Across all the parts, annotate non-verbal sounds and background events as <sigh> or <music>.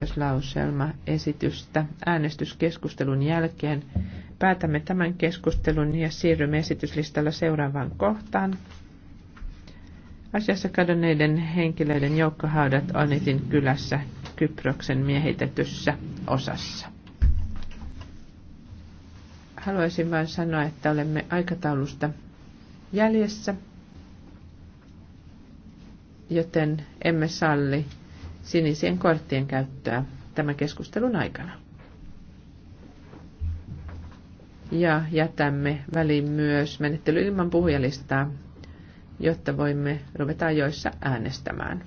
päätöslauselmaesitystä äänestyskeskustelun jälkeen. Päätämme tämän keskustelun ja siirrymme esityslistalla seuraavaan kohtaan. Asiassa kadonneiden henkilöiden joukkohaudat Onitin kylässä Kyproksen miehitetyssä osassa. Haluaisin vain sanoa, että olemme aikataulusta jäljessä, joten emme salli sinisien korttien käyttöä tämän keskustelun aikana. Ja jätämme väliin myös menettely ilman puhujalistaa, jotta voimme ruveta joissa äänestämään.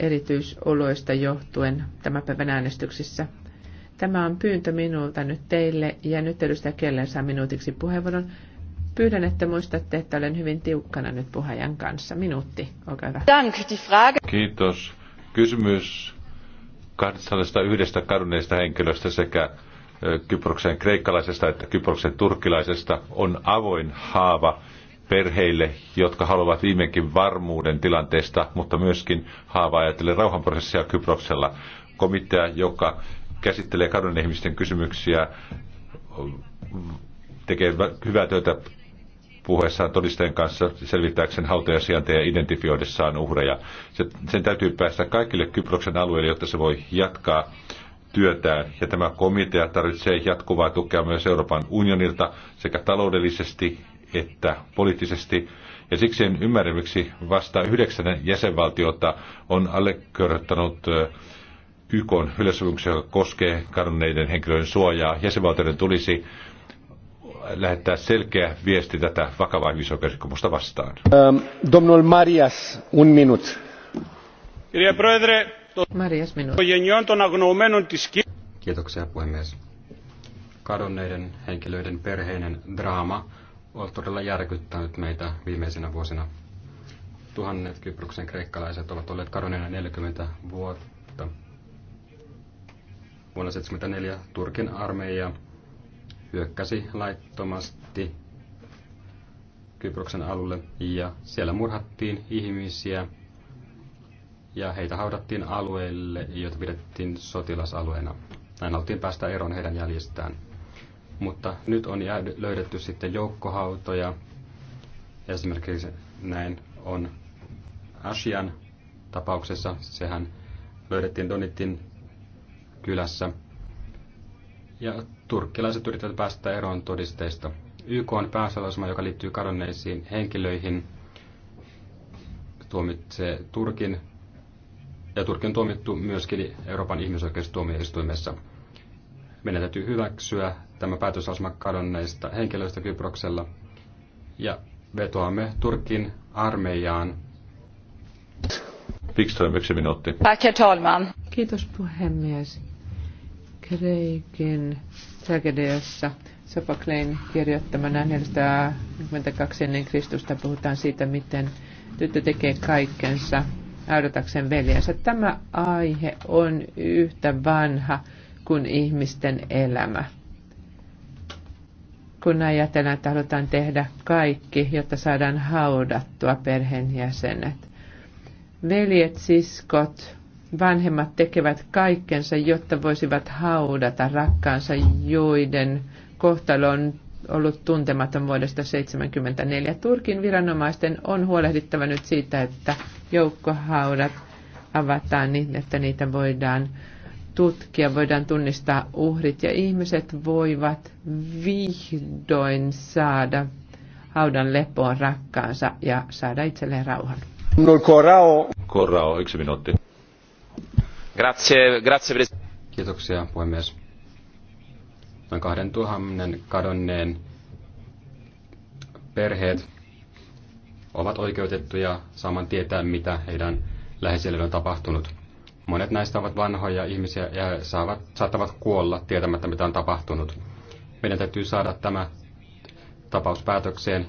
Erityisoloista johtuen tämän päivän äänestyksissä. Tämä on pyyntö minulta nyt teille ja nyt edustaja Kellen saa minuutiksi puheenvuoron. Pyydän, että muistatte, että olen hyvin tiukkana nyt puhajan kanssa. Minuutti, olkaa hyvä. Kiitos. Kysymys yhdestä kadonneista henkilöstä sekä Kyproksen kreikkalaisesta että Kyproksen turkkilaisesta on avoin haava perheille, jotka haluavat viimeinkin varmuuden tilanteesta, mutta myöskin haava ajatellen rauhanprosessia Kyproksella. Komitea, joka käsittelee kadonneiden ihmisten kysymyksiä, tekee hyvää työtä puhuessaan todisteen kanssa selvittääkseen hautajasijainta ja identifioidessaan uhreja. Sen täytyy päästä kaikille Kyproksen alueille, jotta se voi jatkaa työtään. Ja tämä komitea tarvitsee jatkuvaa tukea myös Euroopan unionilta sekä taloudellisesti että poliittisesti. Ja siksi en ymmärrä, miksi vasta yhdeksän jäsenvaltiota on allekirjoittanut YK yleissopimuksen, joka koskee kadonneiden henkilöiden suojaa. Jäsenvaltioiden tulisi lähettää selkeä viesti tätä vakavaa ihmisoikeusrikkomusta vastaan. Ähm, Domnul Marias, un minut. Marias, minuutti. Kiitoksia puhemies. Kadonneiden henkilöiden perheinen draama on todella järkyttänyt meitä viimeisinä vuosina. Tuhannet Kyproksen kreikkalaiset ovat olleet kadonneena 40 vuotta. Vuonna 1974 Turkin armeija hyökkäsi laittomasti Kyproksen alulle ja siellä murhattiin ihmisiä ja heitä haudattiin alueelle, joita pidettiin sotilasalueena. Näin haluttiin päästä eroon heidän jäljistään. Mutta nyt on löydetty sitten joukkohautoja. Esimerkiksi näin on Asian tapauksessa. Sehän löydettiin Donitin kylässä ja turkkilaiset yrittävät päästä eroon todisteista. YK on pääsalaisema, joka liittyy kadonneisiin henkilöihin, tuomitsee Turkin. Ja Turkin on tuomittu myöskin Euroopan ihmisoikeustuomioistuimessa. Meidän täytyy hyväksyä tämä päätösasema kadonneista henkilöistä Kyproksella. Ja vetoamme Turkin armeijaan. Wikström, yksi minuutti. Tack, Kiitos puhemies Kreikin tragediassa Sopaklein kirjoittamana 442 ennen Kristusta puhutaan siitä, miten tyttö tekee kaikkensa audatakseen veljensä. Tämä aihe on yhtä vanha kuin ihmisten elämä. Kun ajatellaan, että halutaan tehdä kaikki, jotta saadaan haudattua perheenjäsenet. Veljet, siskot, vanhemmat tekevät kaikkensa, jotta voisivat haudata rakkaansa, joiden kohtalo on ollut tuntematon vuodesta 1974. Turkin viranomaisten on huolehdittava nyt siitä, että joukkohaudat avataan niin, että niitä voidaan tutkia, voidaan tunnistaa uhrit ja ihmiset voivat vihdoin saada haudan lepoon rakkaansa ja saada itselleen rauhan. Korao. Korao, yksi minuutti. Grazie, Kiitoksia puhemies. Noin 2000 kadonneen perheet ovat oikeutettuja saamaan tietää, mitä heidän läheisille on tapahtunut. Monet näistä ovat vanhoja ihmisiä ja saavat, saattavat kuolla tietämättä, mitä on tapahtunut. Meidän täytyy saada tämä tapaus päätökseen,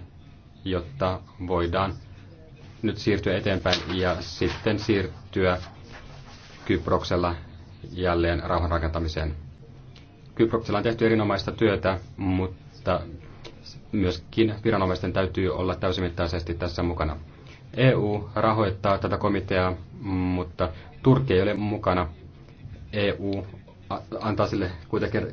jotta voidaan nyt siirtyä eteenpäin ja sitten siirtyä Kyproksella jälleen rauhanrakentamiseen. Kyproksella on tehty erinomaista työtä, mutta myöskin viranomaisten täytyy olla täysimittaisesti tässä mukana. EU rahoittaa tätä komiteaa, mutta Turkki ei ole mukana. EU antaa sille kuitenkin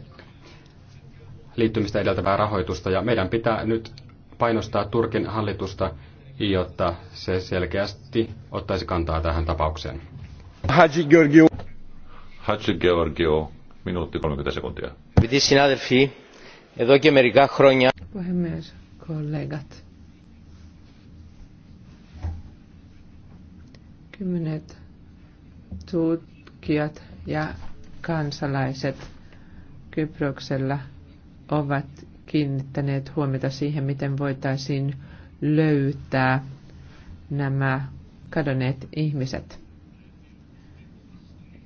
liittymistä edeltävää rahoitusta ja meidän pitää nyt painostaa Turkin hallitusta, jotta se selkeästi ottaisi kantaa tähän tapaukseen. Hadji Georgiou. Hadji Georgiou, minuutti 30 sekuntia. Piti συνάδελφοι, edo και μερικά χρόνια... Puhemies, kollegat. Kymmenet tutkijat ja kansalaiset Kyproksella ovat kiinnittäneet huomiota siihen, miten voitaisiin löytää nämä kadonneet ihmiset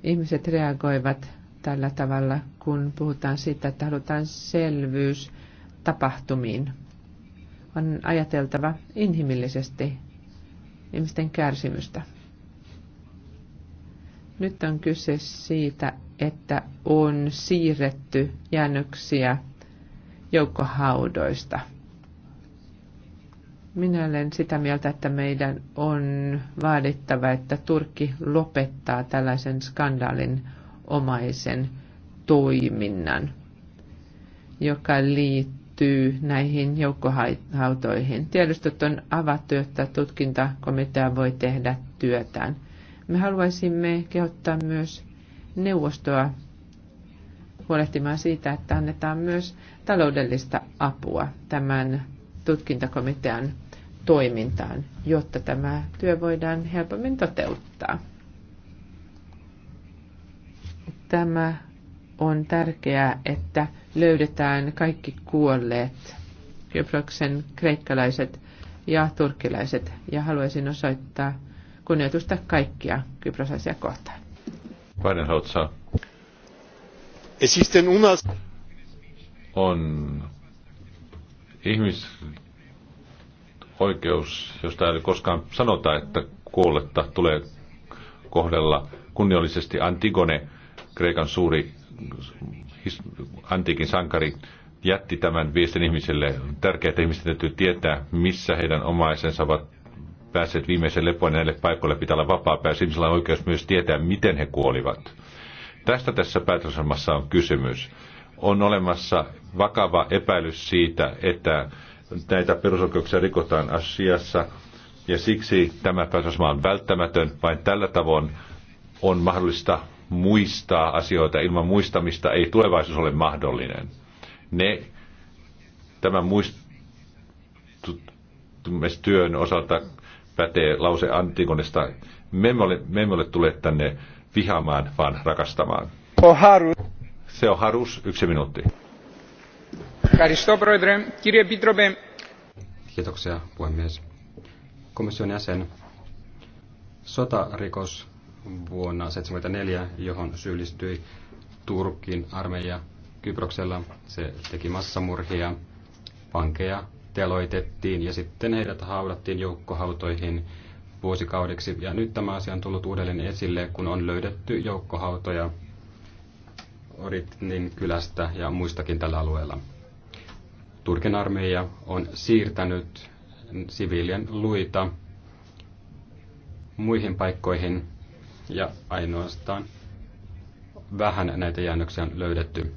ihmiset reagoivat tällä tavalla, kun puhutaan siitä, että halutaan selvyys tapahtumiin. On ajateltava inhimillisesti ihmisten kärsimystä. Nyt on kyse siitä, että on siirretty jäännöksiä joukkohaudoista – minä olen sitä mieltä, että meidän on vaadittava, että Turkki lopettaa tällaisen skandaalin omaisen toiminnan, joka liittyy näihin joukkohautoihin. Tiedostot on avattu, jotta tutkintakomitea voi tehdä työtään. Me haluaisimme kehottaa myös neuvostoa huolehtimaan siitä, että annetaan myös taloudellista apua tämän tutkintakomitean toimintaan, jotta tämä työ voidaan helpommin toteuttaa. Tämä on tärkeää, että löydetään kaikki kuolleet Kyproksen kreikkalaiset ja turkkilaiset ja haluaisin osoittaa kunnioitusta kaikkia kyprosaisia kohtaan. On ihmis, oikeus, josta ei koskaan sanota, että kuolletta tulee kohdella kunniollisesti Antigone, Kreikan suuri antiikin sankari, jätti tämän viestin ihmisille. Tärkeää, että ihmisten täytyy tietää, missä heidän omaisensa ovat päässeet viimeisen lepoon näille paikoille pitää olla vapaa pääsi. Ihmisellä on oikeus myös tietää, miten he kuolivat. Tästä tässä päätösohjelmassa on kysymys. On olemassa vakava epäilys siitä, että näitä perusoikeuksia rikotaan asiassa. Ja siksi tämä päätösma on välttämätön. Vain tällä tavoin on mahdollista muistaa asioita. Ilman muistamista ei tulevaisuus ole mahdollinen. Ne, tämän muistuttamistyön osalta pätee lause Antigonesta. Me emme ole, me emme ole tulleet tänne vihaamaan, vaan rakastamaan. Oharus. Se on Harus, yksi minuutti. Kiitoksia, puhemies. Komission jäsen, sotarikos vuonna 1974, johon syyllistyi Turkin armeija Kyproksella. Se teki massamurhia, vankeja teloitettiin ja sitten heidät haudattiin joukkohautoihin vuosikaudeksi. Ja nyt tämä asia on tullut uudelleen esille, kun on löydetty joukkohautoja Oritnin kylästä ja muistakin tällä alueella. Turkin armeija on siirtänyt siviilien luita muihin paikkoihin ja ainoastaan vähän näitä jäännöksiä on löydetty.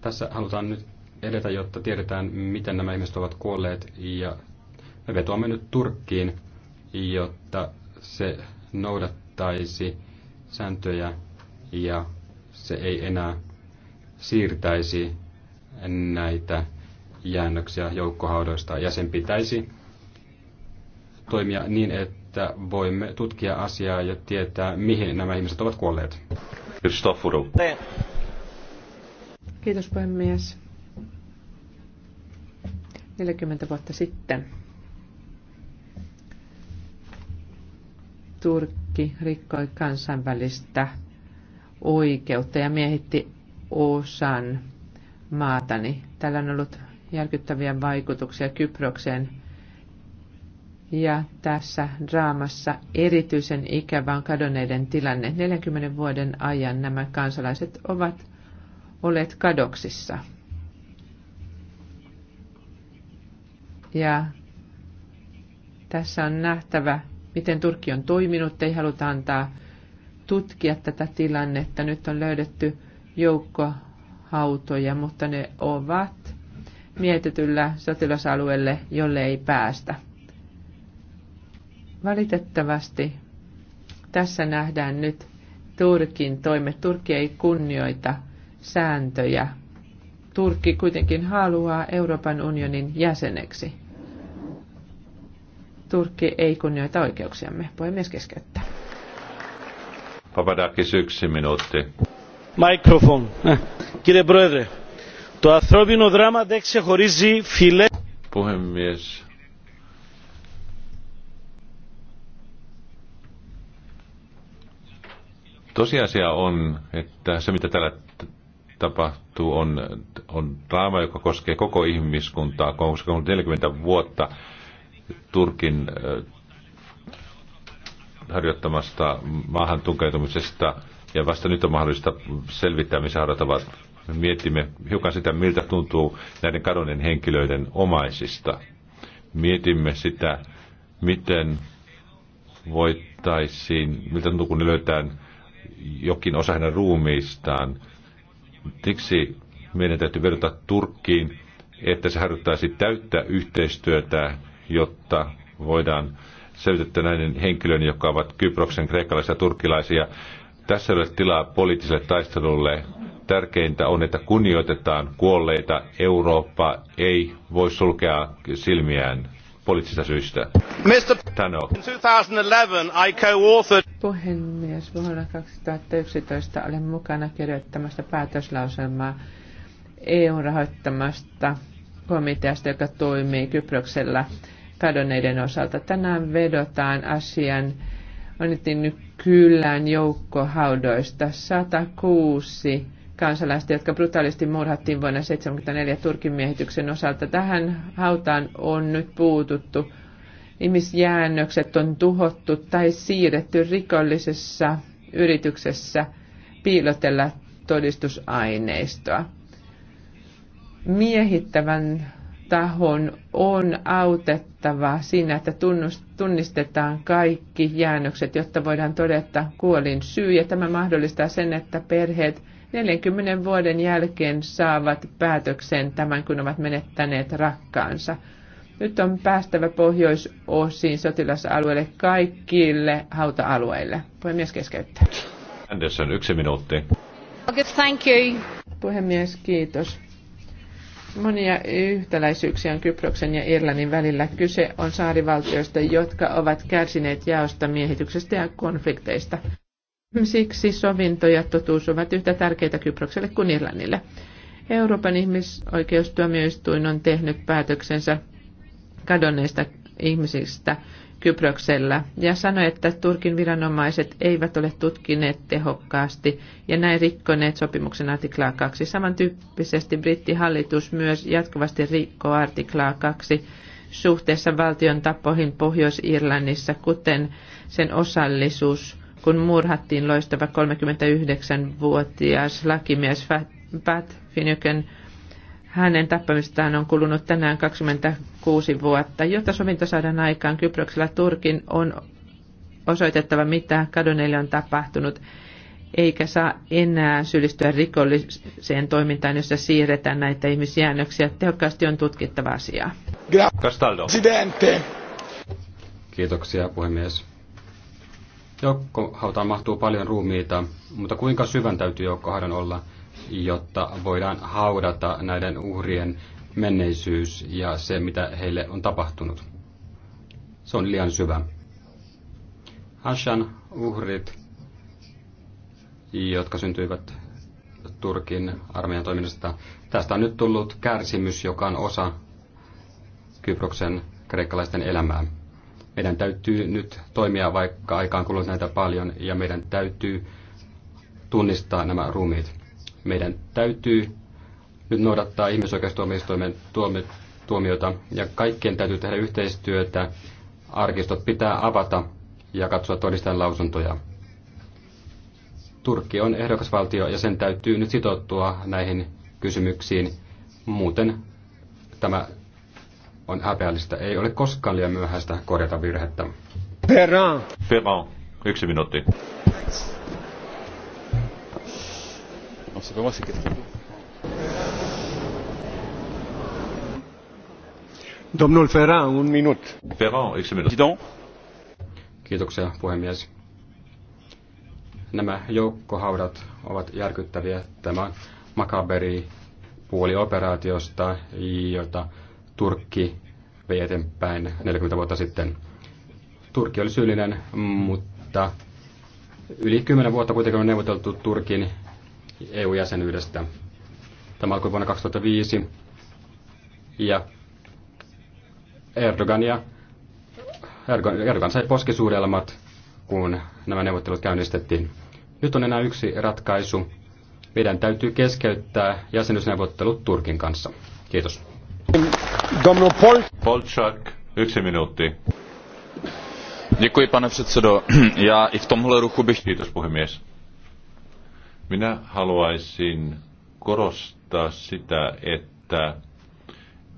Tässä halutaan nyt edetä, jotta tiedetään, miten nämä ihmiset ovat kuolleet ja me vetoamme nyt Turkkiin, jotta se noudattaisi sääntöjä ja se ei enää siirtäisi näitä jäännöksiä joukkohaudoista ja sen pitäisi toimia niin, että voimme tutkia asiaa ja tietää, mihin nämä ihmiset ovat kuolleet. Kiitos puhemies. 40 vuotta sitten Turkki rikkoi kansainvälistä oikeutta ja miehitti osan maatani. Tällä on ollut järkyttäviä vaikutuksia Kyprokseen. Ja tässä draamassa erityisen ikävä on kadonneiden tilanne. 40 vuoden ajan nämä kansalaiset ovat olleet kadoksissa. Ja tässä on nähtävä, miten Turkki on toiminut. Ei haluta antaa tutkia tätä tilannetta. Nyt on löydetty joukko autoja, mutta ne ovat mietityllä sotilasalueelle, jolle ei päästä. Valitettavasti tässä nähdään nyt Turkin toime Turkki ei kunnioita sääntöjä. Turkki kuitenkin haluaa Euroopan unionin jäseneksi. Turkki ei kunnioita oikeuksiamme. Puhemies keskeyttää. Papadakis yksi minuutti. Mikrofon. Κύριε Πρόεδρε, το ανθρώπινο δράμα δεν ξεχωρίζει φυλέ... Puhemies. Tosiasia on, että se mitä täällä tapahtuu on, on draama, joka koskee koko ihmiskuntaa, koska on 40 vuotta Turkin harjoittamasta maahan tunkeutumisesta ja vasta nyt on mahdollista selvittää, missä harjoittavat me mietimme hiukan sitä, miltä tuntuu näiden kadonneen henkilöiden omaisista. Mietimme sitä, miten voittaisiin, miltä tuntuu, kun löytään jokin osa hänen ruumiistaan. Siksi meidän täytyy vedota Turkkiin, että se harjoittaisi täyttä yhteistyötä, jotta voidaan selvitettä näiden henkilöiden, jotka ovat Kyproksen, kreikkalaisia ja turkilaisia. Tässä ei ole tilaa poliittiselle taistelulle tärkeintä on, että kunnioitetaan kuolleita. Eurooppa ei voi sulkea silmiään poliittisista syistä. Mr. Tano. 2011 I Puhemies, vuonna 2011 olen mukana kirjoittamasta päätöslauselmaa EU-rahoittamasta komiteasta, joka toimii Kyproksella kadonneiden osalta. Tänään vedotaan asian annettiin nyt kylään joukkohaudoista 106 kansalaista, jotka brutaalisti murhattiin vuonna 1974 Turkin miehityksen osalta. Tähän hautaan on nyt puututtu. Ihmisjäännökset on tuhottu tai siirretty rikollisessa yrityksessä piilotella todistusaineistoa. Miehittävän tahon on autettava siinä, että tunnistetaan kaikki jäännökset, jotta voidaan todeta kuolin syy. Ja tämä mahdollistaa sen, että perheet – 40 vuoden jälkeen saavat päätöksen tämän, kun ovat menettäneet rakkaansa. Nyt on päästävä pohjoisosiin sotilasalueelle kaikille hauta-alueille. Puhemies keskeyttää. Anderson, yksi minuutti. Okay, thank you. Puhemies, kiitos. Monia yhtäläisyyksiä on Kyproksen ja Irlannin välillä. Kyse on saarivaltioista, jotka ovat kärsineet jaosta miehityksestä ja konflikteista. Siksi sovinto ja totuus ovat yhtä tärkeitä Kyprokselle kuin Irlannille. Euroopan ihmisoikeustuomioistuin on tehnyt päätöksensä kadonneista ihmisistä Kyproksella ja sanoi, että Turkin viranomaiset eivät ole tutkineet tehokkaasti ja näin rikkoneet sopimuksen artiklaa 2. Samantyyppisesti brittihallitus myös jatkuvasti rikkoo artiklaa 2 suhteessa valtion tapoihin Pohjois-Irlannissa, kuten sen osallisuus kun murhattiin loistava 39-vuotias lakimies Pat Finjöken. Hänen tappamistaan on kulunut tänään 26 vuotta. Jotta sovinto saadaan aikaan Kyproksella Turkin on osoitettava, mitä kadonneille on tapahtunut, eikä saa enää syyllistyä rikolliseen toimintaan, jossa siirretään näitä ihmisjäännöksiä. Tehokkaasti on tutkittava asiaa. Kiitoksia puhemies. Joukkohautaan mahtuu paljon ruumiita, mutta kuinka syvän täytyy joukkohaudan olla, jotta voidaan haudata näiden uhrien menneisyys ja se, mitä heille on tapahtunut? Se on liian syvä. Hashan uhrit, jotka syntyivät Turkin armeijan toiminnasta. Tästä on nyt tullut kärsimys, joka on osa Kyproksen kreikkalaisten elämää. Meidän täytyy nyt toimia, vaikka aikaan kulunut näitä paljon, ja meidän täytyy tunnistaa nämä ruumiit. Meidän täytyy nyt noudattaa ihmisoikeustuomioistuimen tuomi, tuomiota, ja kaikkien täytyy tehdä yhteistyötä. Arkistot pitää avata ja katsoa todistajan lausuntoja. Turkki on ehdokasvaltio ja sen täytyy nyt sitoutua näihin kysymyksiin. Muuten tämä on häpeällistä. Ei ole koskaan liian myöhäistä korjata virhettä. Ferran. Ferran. Yksi minuutti. On se Domnul Ferran, un minut. Ferran, yksi minuutti. Kiitoksia, puhemies. Nämä joukkohaudat ovat järkyttäviä. Tämä makaberi puoli operaatiosta, jota Turkki vei eteenpäin 40 vuotta sitten. Turkki oli syyllinen, mutta yli 10 vuotta kuitenkin on neuvoteltu Turkin EU-jäsenyydestä. Tämä alkoi vuonna 2005 ja Erdogania, Erdogan, Erdogan sai poskisuudelmat, kun nämä neuvottelut käynnistettiin. Nyt on enää yksi ratkaisu. Meidän täytyy keskeyttää jäsenyysneuvottelut Turkin kanssa. Kiitos. Domnul Pol... Polčak, yksi minuutti. Děkuji, pane předsedo. <clears throat> Já i v tomhle ruchu bych... Kiitos, puhemies. Minä haluaisin korostaa sitä, että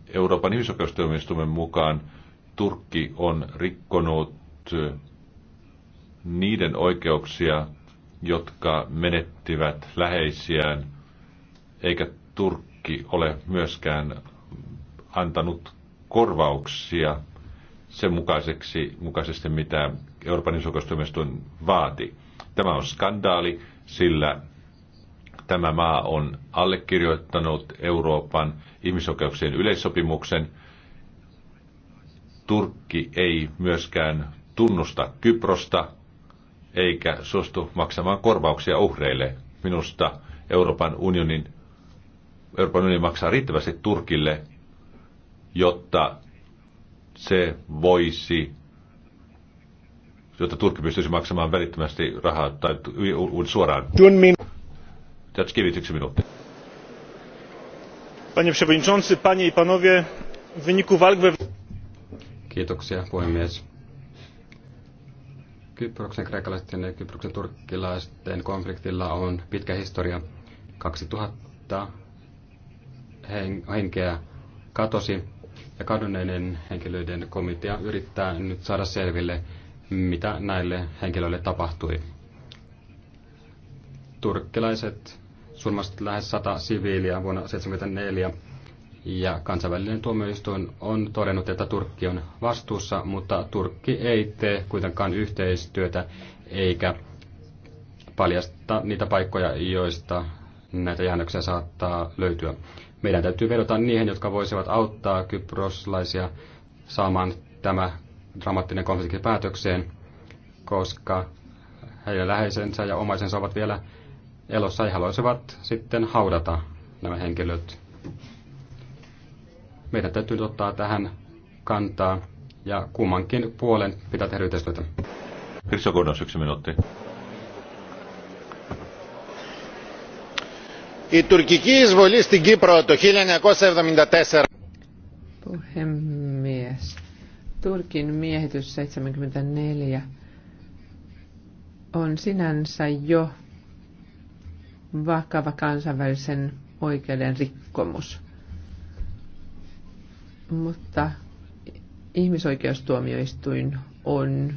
Euroopan ihmisoikeustuomioistuimen mukaan Turkki on rikkonut niiden oikeuksia, jotka menettivät läheisiään, eikä Turkki ole myöskään antanut korvauksia sen mukaiseksi, mukaisesti, mitä Euroopan ihmisoikeustuomioistuin vaati. Tämä on skandaali, sillä tämä maa on allekirjoittanut Euroopan ihmisoikeuksien yleissopimuksen. Turkki ei myöskään tunnusta Kyprosta eikä suostu maksamaan korvauksia uhreille. Minusta Euroopan unionin Euroopan unioni maksaa riittävästi Turkille jotta se voisi jotta Turkki pystyisi maksamaan välittömästi rahaa tai suoraan. Tjatskivit, minuutti. Panie przewodniczący, panie i panowie, w wyniku walk we... Kiitoksia, puhemies. Kyproksen kreikalaisten ja Kyproksen turkkilaisten konfliktilla on pitkä historia. 2000 henkeä katosi ja kadonneiden henkilöiden komitea yrittää nyt saada selville, mitä näille henkilöille tapahtui. Turkkilaiset surmasivat lähes 100 siviiliä vuonna 1974 ja kansainvälinen tuomioistuin on todennut, että Turkki on vastuussa, mutta Turkki ei tee kuitenkaan yhteistyötä eikä paljasta niitä paikkoja, joista näitä jäännöksiä saattaa löytyä. Meidän täytyy vedota niihin, jotka voisivat auttaa kyproslaisia saamaan tämä dramaattinen konflikti päätökseen, koska heidän läheisensä ja omaisensa ovat vielä elossa ja haluaisivat sitten haudata nämä henkilöt. Meidän täytyy ottaa tähän kantaa ja kummankin puolen pitää tehdä yhteistyötä. Kirsi yksi minuutti. η τουρκική εισβολή στην Κύπρο το 1974 Puhemies. Turkin miehitys 74 on sinänsä jo vakava kansainvälisen oikeuden rikkomus. Mutta ihmisoikeustuomioistuin on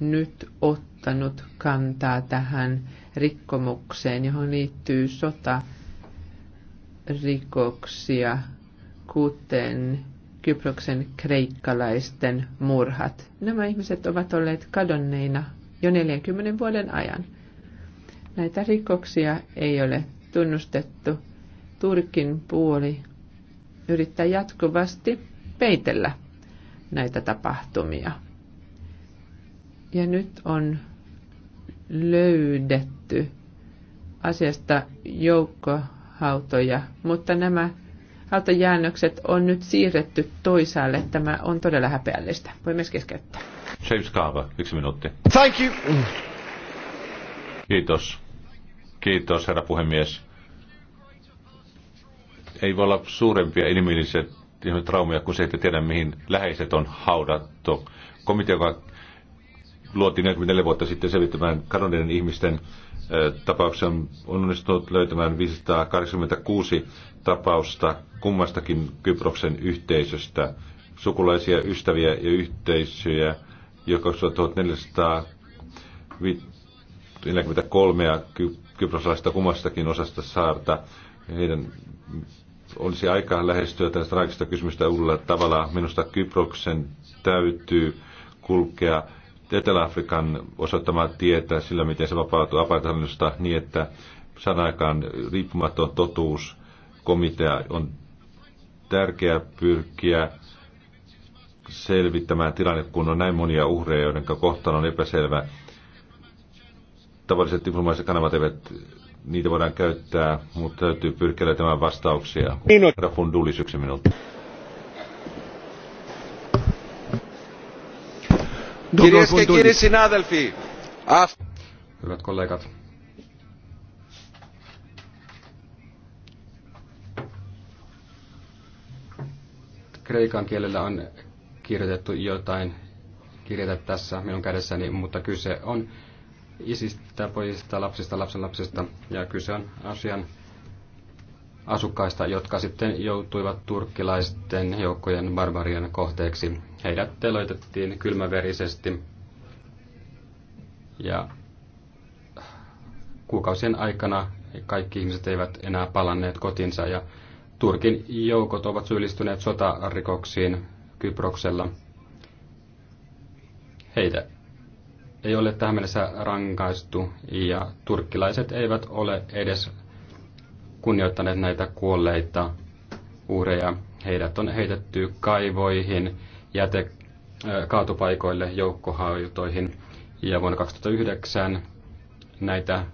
nyt ottanut kantaa tähän rikkomukseen, johon liittyy sota rikoksia, kuten Kyproksen kreikkalaisten murhat. Nämä ihmiset ovat olleet kadonneina jo 40 vuoden ajan. Näitä rikoksia ei ole tunnustettu. Turkin puoli yrittää jatkuvasti peitellä näitä tapahtumia. Ja nyt on löydetty asiasta joukko hautoja, mutta nämä hautajäännökset on nyt siirretty toisaalle. Tämä on todella häpeällistä. myös keskeyttää. James Kaava, yksi minuutti. Thank you. Kiitos. Kiitos, herra puhemies. Ei voi olla suurempia inhimillisiä traumia kuin se, että tiedä mihin läheiset on haudattu. Komitea, joka luotiin 44 vuotta sitten selvittämään kadonneiden ihmisten tapauksessa on onnistunut löytämään 586 tapausta kummastakin Kyproksen yhteisöstä, sukulaisia, ystäviä ja yhteisöjä, joka 1443 kyproslaista kummastakin osasta saarta. Heidän olisi aika lähestyä tästä traagista kysymystä uudella tavalla. Minusta Kyproksen täytyy kulkea Etelä-Afrikan osoittamaa tietä sillä, miten se vapautuu apartheidista niin, että saadaan aikaan riippumaton totuuskomitea on tärkeä pyrkiä selvittämään tilanne, kun on näin monia uhreja, joiden kohtaan on epäselvä. Tavalliset diplomaattiset kanavat eivät, niitä voidaan käyttää, mutta täytyy pyrkiä löytämään vastauksia. Herra Fundulis, yksi minuutti. Κυρίες και κύριοι συνάδελφοι, Hyvät kollegat. Kreikan kielellä on kirjoitettu jotain kirjata tässä minun kädessäni, mutta kyse on isistä, pojista, lapsista, lapsenlapsista ja kyse on asian asukkaista, jotka sitten joutuivat turkkilaisten joukkojen barbarian kohteeksi. Heidät teloitettiin kylmäverisesti ja kuukausien aikana kaikki ihmiset eivät enää palanneet kotinsa ja Turkin joukot ovat syyllistyneet sotarikoksiin Kyproksella. Heitä ei ole tähän mennessä rankaistu ja turkkilaiset eivät ole edes kunnioittaneet näitä kuolleita uhreja. Heidät on heitetty kaivoihin, jäte, kaatupaikoille, joukkohautoihin. Ja vuonna 2009 näitä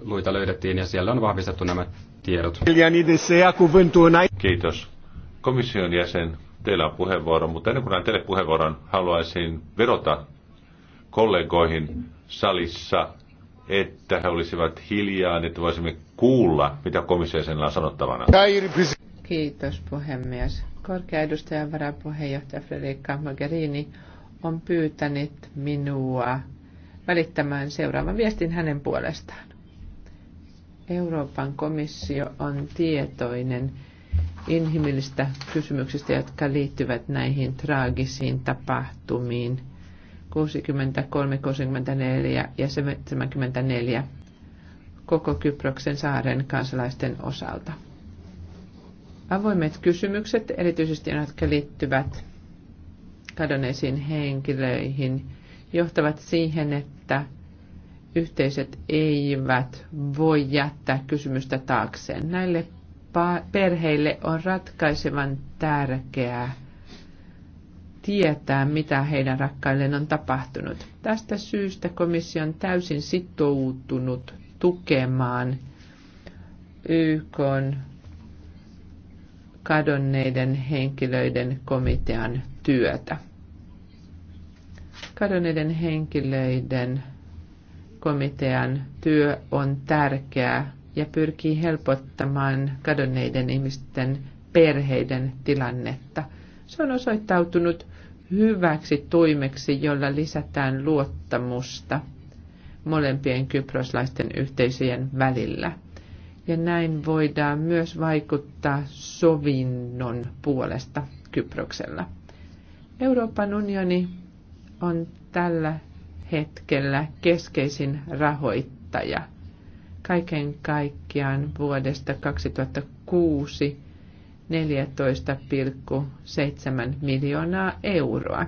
luita löydettiin ja siellä on vahvistettu nämä tiedot. Kiitos. Komission jäsen, teillä on puheenvuoro, mutta ennen kuin näin teille puheenvuoron, haluaisin vedota kollegoihin salissa että he olisivat hiljaa, niin että voisimme kuulla, mitä komissiosena on sanottavana. Kiitos puhemies. Korkea edustaja varapuheenjohtaja Federica Mogherini on pyytänyt minua välittämään seuraavan viestin hänen puolestaan. Euroopan komissio on tietoinen inhimillistä kysymyksistä, jotka liittyvät näihin traagisiin tapahtumiin – 63, 64 ja 74 koko Kyproksen saaren kansalaisten osalta. Avoimet kysymykset, erityisesti ne, jotka liittyvät kadonneisiin henkilöihin, johtavat siihen, että yhteiset eivät voi jättää kysymystä taakseen. Näille perheille on ratkaisevan tärkeää tietää, mitä heidän rakkailleen on tapahtunut. Tästä syystä komissio on täysin sitoutunut tukemaan YK kadonneiden henkilöiden komitean työtä. Kadonneiden henkilöiden komitean työ on tärkeää ja pyrkii helpottamaan kadonneiden ihmisten perheiden tilannetta. Se on osoittautunut hyväksi toimeksi, jolla lisätään luottamusta molempien kyproslaisten yhteisöjen välillä. Ja näin voidaan myös vaikuttaa sovinnon puolesta Kyproksella. Euroopan unioni on tällä hetkellä keskeisin rahoittaja. Kaiken kaikkiaan vuodesta 2006 14,7 miljoonaa euroa.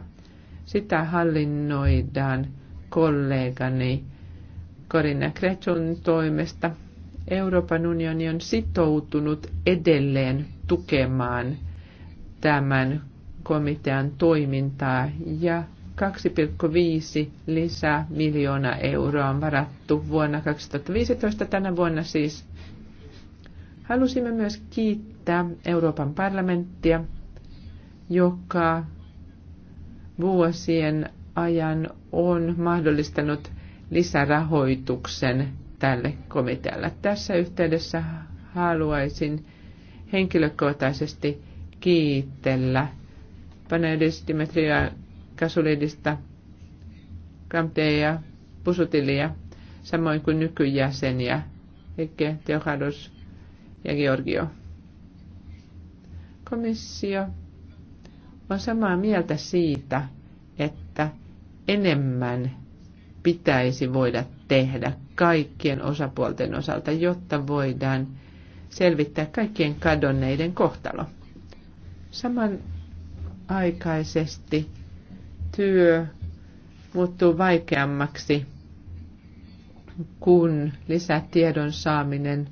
Sitä hallinnoidaan kollegani Korina Kretsun toimesta. Euroopan unioni on sitoutunut edelleen tukemaan tämän komitean toimintaa ja 2,5 lisää miljoonaa euroa on varattu vuonna 2015 tänä vuonna siis. Halusimme myös kiittää kiittää Euroopan parlamenttia, joka vuosien ajan on mahdollistanut lisärahoituksen tälle komitealle. Tässä yhteydessä haluaisin henkilökohtaisesti kiitellä Paneudis Dimitria Kasulidista, Kampteja, Pusutilia, samoin kuin nykyjäseniä, Heikki Teohadus ja Georgio. Komissio on samaa mieltä siitä, että enemmän pitäisi voida tehdä kaikkien osapuolten osalta, jotta voidaan selvittää kaikkien kadonneiden kohtalo. Samanaikaisesti työ muuttuu vaikeammaksi, kun lisätiedon saaminen –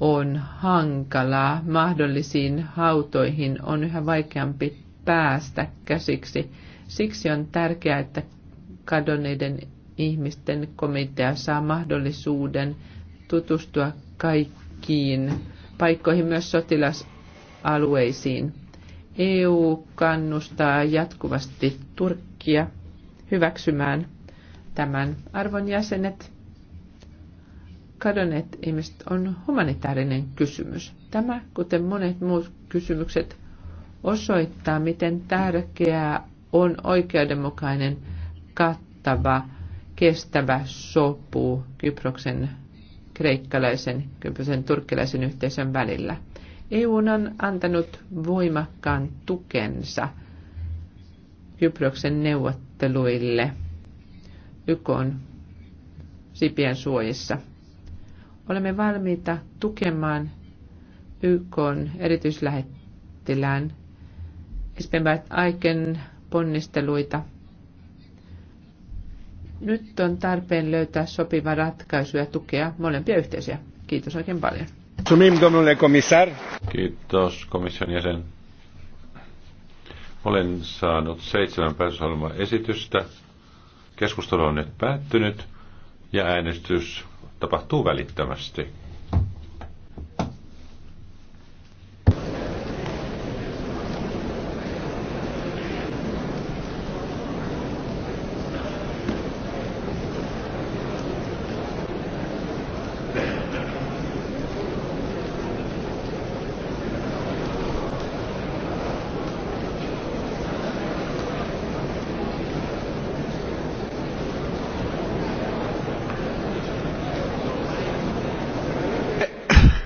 on hankalaa. Mahdollisiin hautoihin on yhä vaikeampi päästä käsiksi. Siksi on tärkeää, että kadonneiden ihmisten komitea saa mahdollisuuden tutustua kaikkiin paikkoihin, myös sotilasalueisiin. EU kannustaa jatkuvasti Turkkia hyväksymään tämän arvon jäsenet kadonneet ihmiset on humanitaarinen kysymys. Tämä, kuten monet muut kysymykset, osoittaa, miten tärkeää on oikeudenmukainen, kattava, kestävä sopu Kyproksen kreikkalaisen, kyproksen turkkilaisen yhteisön välillä. EU on antanut voimakkaan tukensa Kyproksen neuvotteluille YK on sipien suojissa – Olemme valmiita tukemaan YK erityislähettilään Espenbert Aiken ponnisteluita. Nyt on tarpeen löytää sopiva ratkaisu ja tukea molempia yhteisöjä. Kiitos oikein paljon. Kiitos komission jäsen. Olen saanut seitsemän päätösohjelman esitystä. Keskustelu on nyt päättynyt ja äänestys tapahtuu välittömästi.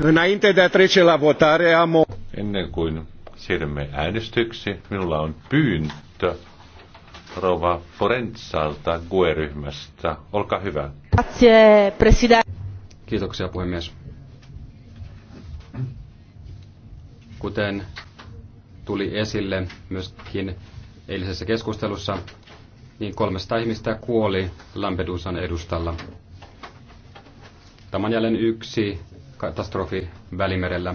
Înainte de a trece la votare am o... Ennen kuin siirrymme äänestyksi, minulla on pyyntö rouva Forenzalta GUE-ryhmästä. Olkaa hyvä. Kiitoksia puhemies. Kuten tuli esille myöskin eilisessä keskustelussa, niin 300 ihmistä kuoli Lampedusan edustalla. Tämä on jälleen yksi katastrofi Välimerellä.